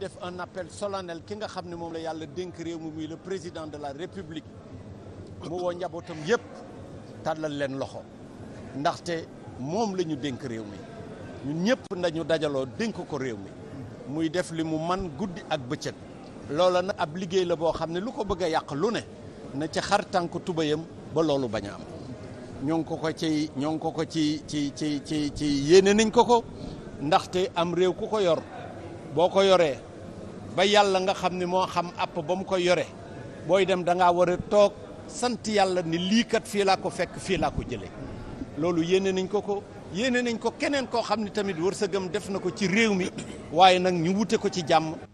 def un appel solennel ki nga xam ne moom la yàlla dénk réew mi muy le président de la république mu woo njabootam yépp tàllal leen loxo ndaxte moom lañu dénk réew mi ñun ñëpp nañu dajaloo dénk ko réew mi muy def li mu man guddi ak bëccëg loola na ab liggéey la boo xam ne lu ko bëgg a yàq lu ne na ci xar tànk tubayam ba loolu bañ a am ñoo ngi ko ci ñoo ngi ko ko ci ci ci ci ci yéene nañ ko ko ndaxte am réew ku ko yor boo ko yoree ba yàlla nga xam ne moo xam app ba mu ko yore booy dem da ngaa war a toog sant yàlla ni lii kat fii laa ko fekk fii laa ko jëlee loolu yéene nañ ko ko yéene nañ ko keneen koo xam ne tamit war wërsëgam def na ko ci réew mi waaye nag ñu wute ko ci jàmm.